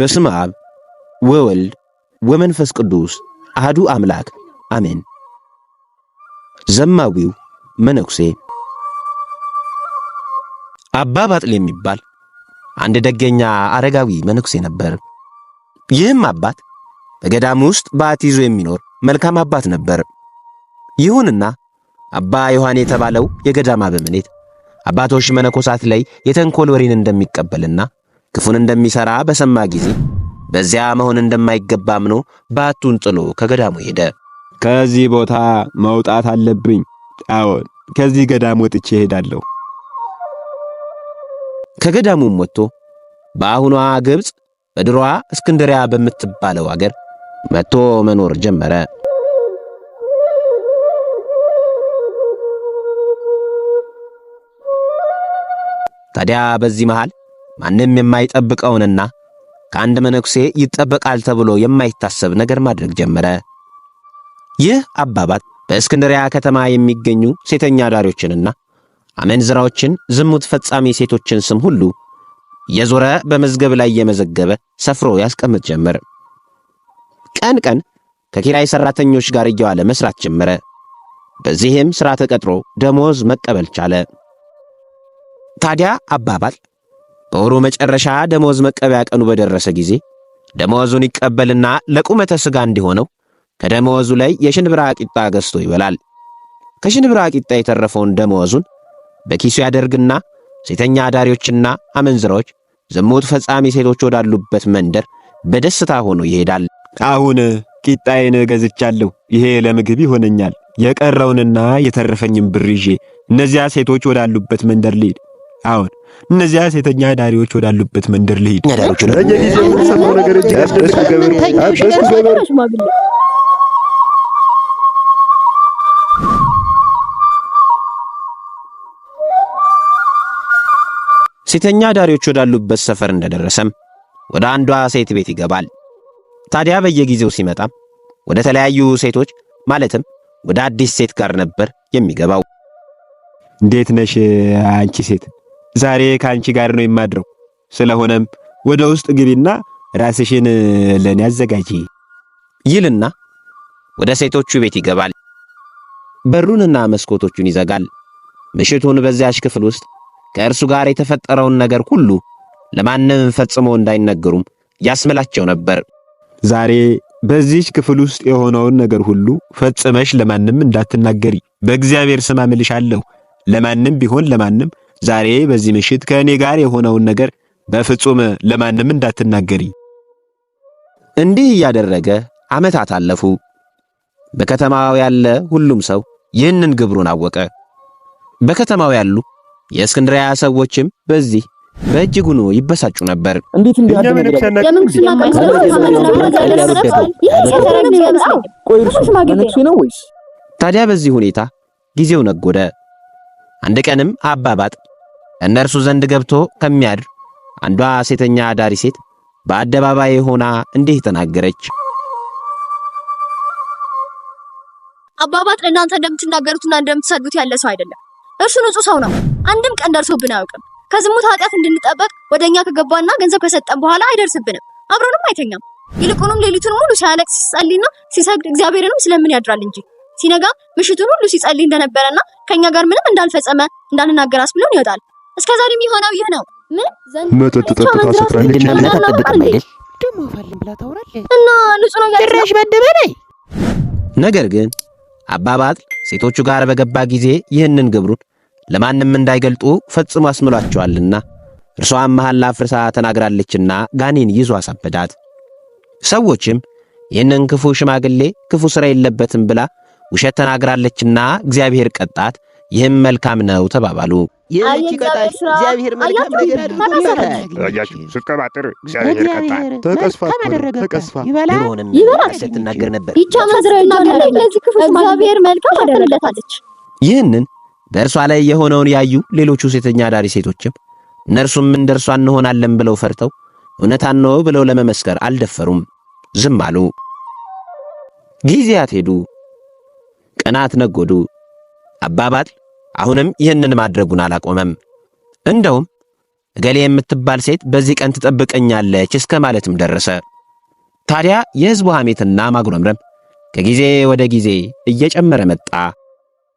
በስመ አብ ወወልድ ወመንፈስ ቅዱስ አህዱ አምላክ አሜን። ዘማዊው መነኩሴ አባ ባጥል የሚባል አንድ ደገኛ አረጋዊ መነኩሴ ነበር። ይህም አባት በገዳም ውስጥ በዓት ይዞ የሚኖር መልካም አባት ነበር። ይሁንና አባ ዮሐን የተባለው የገዳም አበምኔት አባቶች መነኮሳት ላይ የተንኮል ወሬን እንደሚቀበልና ክፉን እንደሚሠራ በሰማ ጊዜ በዚያ መሆን እንደማይገባ አምኖ ባቱን ጥሎ ከገዳሙ ሄደ። ከዚህ ቦታ መውጣት አለብኝ። አዎን፣ ከዚህ ገዳም ወጥቼ እሄዳለሁ። ከገዳሙም ወጥቶ በአሁኗ ግብፅ በድሮዋ እስክንድሪያ በምትባለው አገር መጥቶ መኖር ጀመረ። ታዲያ በዚህ መሃል ማንም የማይጠብቀውንና ከአንድ መነኩሴ ይጠበቃል ተብሎ የማይታሰብ ነገር ማድረግ ጀመረ። ይህ አባባል በእስክንድሪያ ከተማ የሚገኙ ሴተኛ አዳሪዎችንና አመንዝራዎችን፣ ዝሙት ፈጻሚ ሴቶችን ስም ሁሉ የዞረ በመዝገብ ላይ የመዘገበ ሰፍሮ ያስቀምጥ ጀመር። ቀን ቀን ከኪራይ ሰራተኞች ጋር እየዋለ መስራት ጀመረ። በዚህም ሥራ ተቀጥሮ ደሞዝ መቀበል ቻለ። ታዲያ አባባል በወሩ መጨረሻ ደመወዝ መቀበያ ቀኑ በደረሰ ጊዜ ደመወዙን ይቀበልና ለቁመተ ሥጋ እንዲሆነው ከደመወዙ ላይ የሽንብራ ቂጣ ገዝቶ ይበላል። ከሽንብራ ቂጣ የተረፈውን ደመወዙን በኪሱ ያደርግና ሴተኛ አዳሪዎችና አመንዝራዎች፣ ዝሙት ፈጻሚ ሴቶች ወዳሉበት መንደር በደስታ ሆኖ ይሄዳል። አሁን ቂጣዬን ገዝቻለሁ፣ ይሄ ለምግብ ይሆነኛል። የቀረውንና የተረፈኝም ብር ይዤ እነዚያ ሴቶች ወዳሉበት መንደር ልሂድ። አሁን እነዚያ ሴተኛ ዳሪዎች ወዳሉበት መንደር ልሂድ። ሴተኛ ዳሪዎች ወዳሉበት ሰፈር እንደደረሰም ወደ አንዷ ሴት ቤት ይገባል። ታዲያ በየጊዜው ሲመጣም ወደ ተለያዩ ሴቶች ማለትም ወደ አዲስ ሴት ጋር ነበር የሚገባው። እንዴት ነሽ አንቺ ሴት ዛሬ ከአንቺ ጋር ነው የማድረው። ስለሆነም ወደ ውስጥ ግቢና ራስሽን ለኔ አዘጋጂ ይልና ወደ ሴቶቹ ቤት ይገባል። በሩንና መስኮቶቹን ይዘጋል። ምሽቱን በዚያች ክፍል ውስጥ ከእርሱ ጋር የተፈጠረውን ነገር ሁሉ ለማንም ፈጽሞ እንዳይነገሩም ያስምላቸው ነበር። ዛሬ በዚች ክፍል ውስጥ የሆነውን ነገር ሁሉ ፈጽመሽ ለማንም እንዳትናገሪ በእግዚአብሔር ስም አምልሻለሁ። ለማንም ቢሆን ለማንም ዛሬ በዚህ ምሽት ከእኔ ጋር የሆነውን ነገር በፍጹም ለማንም እንዳትናገሪ። እንዲህ እያደረገ ዓመታት አለፉ። በከተማው ያለ ሁሉም ሰው ይህንን ግብሩን አወቀ። በከተማው ያሉ የእስክንድርያ ሰዎችም በዚህ በእጅጉኑ ይበሳጩ ነበር። እንዴት ታዲያ? በዚህ ሁኔታ ጊዜው ነጎደ። አንድ ቀንም አባባጥ እነርሱ ዘንድ ገብቶ ከሚያድር አንዷ ሴተኛ አዳሪ ሴት በአደባባይ ሆና እንዲህ ተናገረች። አባባት ለእናንተ እንደምትናገሩትና እንደምትሰዱት ያለ ሰው አይደለም። እርሱ ንጹህ ሰው ነው፣ አንድም ቀን ደርሶብን አያውቅም። ከዝሙት ኃጢአት እንድንጠበቅ ወደ እኛ ከገባና ገንዘብ ከሰጠን በኋላ አይደርስብንም፣ አብሮንም አይተኛም። ይልቁንም ሌሊቱን ሙሉ ሲያለቅስ ሲጸልይና ሲሰግድ እግዚአብሔርንም ስለምን ያድራል እንጂ ሲነጋ ምሽቱን ሁሉ ሲጸልይ እንደነበረና ከኛ ጋር ምንም እንዳልፈጸመ እንዳንናገር አስብሎን ይወጣል። እስከ ዛሬ የሚሆነው ይህ ነው። ምን መጠጥ ጠጥታ ሰክራለች ደሞ አፋልም ብላ ታውራለች እና ንጹህ ነው ድራሽ በደበለኝ። ነገር ግን አባባል ሴቶቹ ጋር በገባ ጊዜ ይህንን ግብሩን ለማንም እንዳይገልጡ ፈጽሞ አስምሏቸዋልና እርሷም መሐላ ፍርሳ ተናግራለችና ጋኔን ይዞ አሳበዳት። ሰዎችም ይህንን ክፉ ሽማግሌ ክፉ ሥራ የለበትም ብላ ውሸት ተናግራለችና እግዚአብሔር ቀጣት፣ ይህም መልካም ነው ተባባሉ። እግዚአብሔር መልካም ነገር አድርጎ ስትቀባጥር እግዚአብሔር ተቀስፋ ተቀስፋ ይበላል ይበላል ስትናገር ነበር። እግዚአብሔር መልካም ይህንን በእርሷ ላይ የሆነውን ያዩ ሌሎቹ ሴተኛ አዳሪ ሴቶችም እነርሱም እንደ እንሆናለን ብለው ፈርተው እውነታን ነው ብለው ለመመስከር አልደፈሩም፣ ዝም አሉ። ጊዜያት ሄዱ፣ ቀናት ነጎዱ። አባባል አሁንም ይህንን ማድረጉን አላቆመም። እንደውም እገሌ የምትባል ሴት በዚህ ቀን ትጠብቀኛለች እስከ ማለትም ደረሰ። ታዲያ የሕዝቡ ሐሜትና ማጉረምረም ከጊዜ ወደ ጊዜ እየጨመረ መጣ።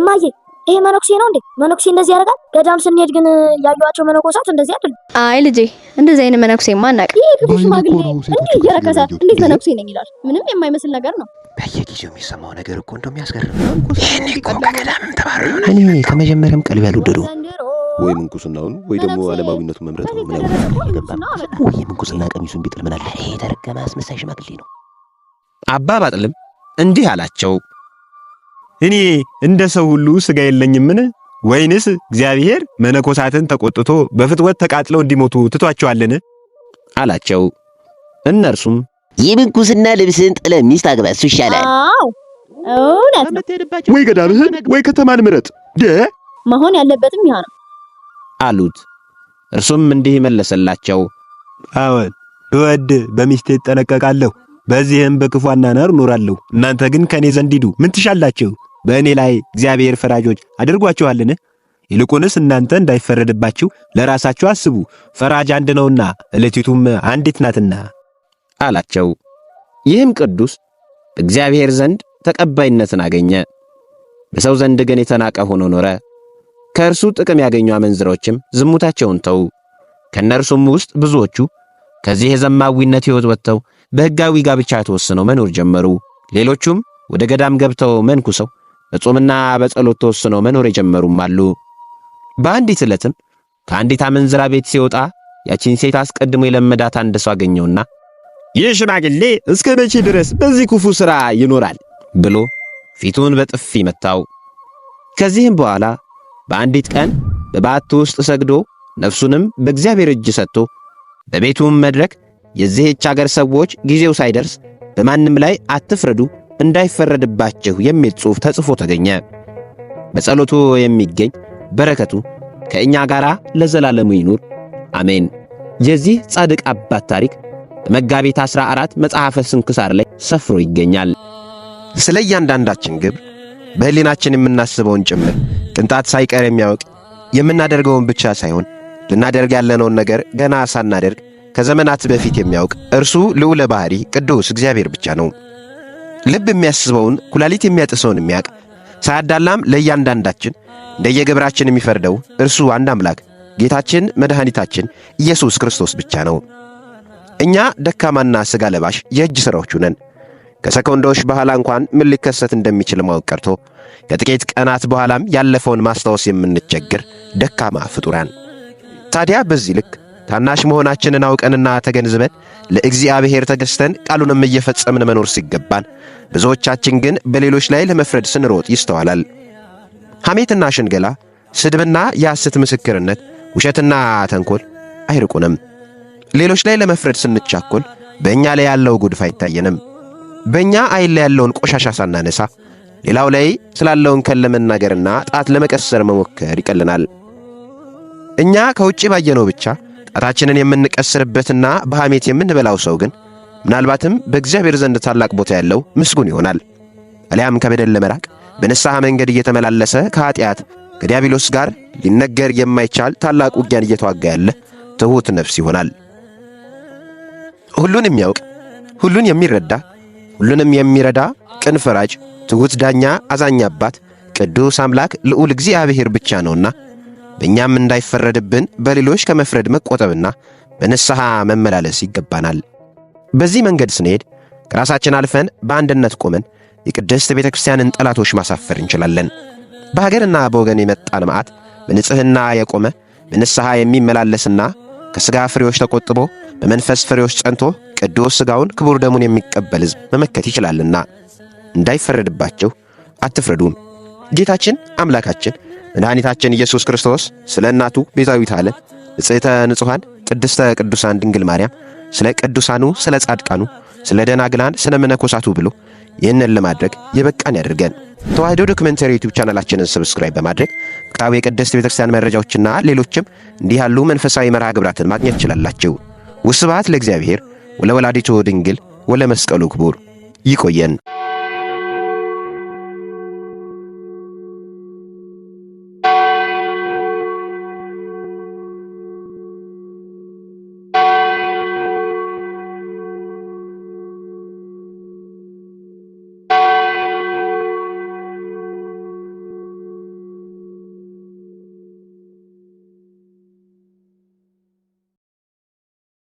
እማዬ ይሄ መነኩሴ ነው እንዴ? መነኩሴ እንደዚህ ያደርጋል? ገዳም ስንሄድ ግን ያዩዋቸው መነኮሳት እንደዚህ አይደል? አይ ልጄ፣ እንደዚህ አይነት መነኩሴ ማናቅ። ይሄ ሽማግሌ እንዴ እየረከሰ እንዴት መነኩሴ ነኝ ይላል? ምንም የማይመስል ነገር ነው። በየጊዜው የሚሰማው ነገር እኮ እንደሚያስገርም ይህን እኮ ከገዳምም ተባሮ እኔ ከመጀመሪያም ቀልብ ያልወደደው ወይ ምንኩስናውን ወይ ደግሞ አለማዊነቱ መምረጥ ነው። ምን ያገባም? ወይ ምንኩስና ቀሚሱን ቢጥል ምናለ? ይሄ የተረገመ አስመሳይ ሽማግሌ ነው። አባ ባጥልም እንዲህ አላቸው፣ እኔ እንደ ሰው ሁሉ ስጋ የለኝምን? ወይንስ እግዚአብሔር መነኮሳትን ተቆጥቶ በፍትወት ተቃጥለው እንዲሞቱ ትቷቸዋልን? አላቸው እነርሱም የምንኩስና ልብስን ጥለ ሚስት አግባ፣ እሱ ይሻላል። ወይ ገዳምህን ወይ ከተማን ምረጥ። ደ መሆን ያለበትም ይህ አሉት። እርሱም እንዲህ መለሰላቸው፣ አዎን ብወድ በሚስቴ እጠነቀቃለሁ፣ በዚህም በክፉ አኗኗር እኖራለሁ። እናንተ ግን ከእኔ ዘንድ ሂዱ፣ ምን ትሻላችሁ? በእኔ ላይ እግዚአብሔር ፈራጆች አድርጓችኋልን? ይልቁንስ እናንተ እንዳይፈረድባችሁ ለራሳችሁ አስቡ፣ ፈራጅ አንድ ነውና፣ እለቲቱም አንዲት ናትና። አላቸው። ይህም ቅዱስ በእግዚአብሔር ዘንድ ተቀባይነትን አገኘ፣ በሰው ዘንድ ግን የተናቀ ሆኖ ኖረ። ከእርሱ ጥቅም ያገኙ አመንዝሮችም ዝሙታቸውን ተዉ። ከእነርሱም ውስጥ ብዙዎቹ ከዚህ የዘማዊነት ሕይወት ወጥተው በሕጋዊ ጋብቻ ተወስነው መኖር ጀመሩ። ሌሎቹም ወደ ገዳም ገብተው መንኩሰው በጾምና በጸሎት ተወስነው መኖር የጀመሩም አሉ። በአንዲት ዕለትም ከአንዲት አመንዝራ ቤት ሲወጣ ያቺን ሴት አስቀድሞ የለመዳት አንድ ሰው አገኘውና ይህ ሽማግሌ እስከ መቼ ድረስ በዚህ ክፉ ሥራ ይኖራል? ብሎ ፊቱን በጥፊ መታው። ከዚህም በኋላ በአንዲት ቀን በባቱ ውስጥ ሰግዶ ነፍሱንም በእግዚአብሔር እጅ ሰጥቶ በቤቱም መድረክ የዚህች አገር ሰዎች ጊዜው ሳይደርስ በማንም ላይ አትፍረዱ እንዳይፈረድባችሁ የሚል ጽሑፍ ተጽፎ ተገኘ። በጸሎቱ የሚገኝ በረከቱ ከእኛ ጋር ለዘላለሙ ይኑር አሜን። የዚህ ጻድቅ አባት ታሪክ መጋቢት 14 መጽሐፈ ስንክሳር ላይ ሰፍሮ ይገኛል። ስለ እያንዳንዳችን ግብር በህሊናችን የምናስበውን ጭምር ቅንጣት ሳይቀር የሚያውቅ የምናደርገውን ብቻ ሳይሆን ልናደርግ ያለነውን ነገር ገና ሳናደርግ ከዘመናት በፊት የሚያውቅ እርሱ ልዑለ ባሕሪ ቅዱስ እግዚአብሔር ብቻ ነው። ልብ የሚያስበውን ኩላሊት የሚያጥሰውን የሚያውቅ ሳያዳላም ለእያንዳንዳችን እንደየግብራችን የሚፈርደው እርሱ አንድ አምላክ ጌታችን መድኃኒታችን ኢየሱስ ክርስቶስ ብቻ ነው። እኛ ደካማና ሥጋ ለባሽ የእጅ ሥራዎቹ ነን። ከሰኮንዶች በኋላ እንኳን ምን ሊከሰት እንደሚችል ማወቅ ቀርቶ ከጥቂት ቀናት በኋላም ያለፈውን ማስታወስ የምንቸግር ደካማ ፍጡራን። ታዲያ በዚህ ልክ ታናሽ መሆናችንን አውቀንና ተገንዝበን ለእግዚአብሔር ተገዝተን ቃሉንም እየፈጸምን መኖር ሲገባን፣ ብዙዎቻችን ግን በሌሎች ላይ ለመፍረድ ስንሮጥ ይስተዋላል። ሐሜትና ሽንገላ፣ ስድብና የሐሰት ምስክርነት፣ ውሸትና ተንኮል አይርቁንም። ሌሎች ላይ ለመፍረድ ስንቻኮል በእኛ ላይ ያለው ጉድፍ አይታየንም። በእኛ አይን ላይ ያለውን ቆሻሻ ሳናነሳ ሌላው ላይ ስላለውን ከን ለመናገርና ጣት ለመቀሰር መሞከር ይቀልናል። እኛ ከውጭ ባየነው ብቻ ጣታችንን የምንቀስርበትና በሐሜት የምንበላው ሰው ግን ምናልባትም በእግዚአብሔር ዘንድ ታላቅ ቦታ ያለው ምስጉን ይሆናል። አሊያም ከበደል ለመራቅ በንስሐ መንገድ እየተመላለሰ ከኀጢአት ከዲያብሎስ ጋር ሊነገር የማይቻል ታላቅ ውጊያን እየተዋጋ ያለ ትሑት ነፍስ ይሆናል። ሁሉን የሚያውቅ ሁሉን የሚረዳ ሁሉንም የሚረዳ ቅን ፈራጅ፣ ትሑት ዳኛ፣ አዛኝ አባት፣ ቅዱስ አምላክ ልዑል እግዚአብሔር ብቻ ነውና በእኛም እንዳይፈረድብን በሌሎች ከመፍረድ መቆጠብና በንስሐ መመላለስ ይገባናል። በዚህ መንገድ ስንሄድ ከራሳችን አልፈን በአንድነት ቆመን የቅድስት ቤተ ክርስቲያንን ጠላቶች ማሳፈር እንችላለን። በሀገርና በወገን የመጣ ልማዓት በንጽሕና የቆመ በንስሐ የሚመላለስና ከሥጋ ፍሬዎች ተቆጥቦ በመንፈስ ፍሬዎች ጸንቶ ቅዱስ ሥጋውን ክቡር ደሙን የሚቀበል ሕዝብ መመከት ይችላልና እንዳይፈረድባቸው አትፍረዱም። ጌታችን አምላካችን መድኃኒታችን ኢየሱስ ክርስቶስ ስለ እናቱ ቤዛዊት ዓለም ንጽሕተ ንጹሐን ቅድስተ ቅዱሳን ድንግል ማርያም ስለ ቅዱሳኑ፣ ስለ ጻድቃኑ፣ ስለ ደናግላን፣ ስለ መነኮሳቱ ብሎ ይህንን ለማድረግ የበቃን ያድርገን። ተዋህዶ ዶክመንተሪ ዩቲዩብ ቻናላችንን ሰብስክራይብ በማድረግ ቃቤ ቅድስት ቤተክርስቲያን መረጃዎችና ሌሎችም እንዲህ ያሉ መንፈሳዊ መርሃ ግብራትን ማግኘት ትችላላችሁ። ውስባት ለእግዚአብሔር ወለወላዲቱ ድንግል ወለመስቀሉ ክቡር። ይቆየን።